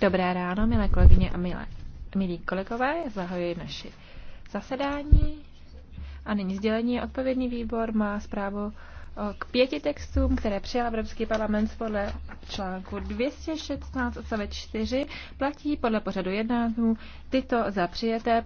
Dobré ráno, milé kolegyně a milé, milí kolegové. Zahajuji naši zasedání. A nyní sdělení. Odpovědný výbor má zprávu k pěti textům, které přijal Evropský parlament podle článku 216 odstavec 4. Platí podle pořadu jednání tyto za přijeté,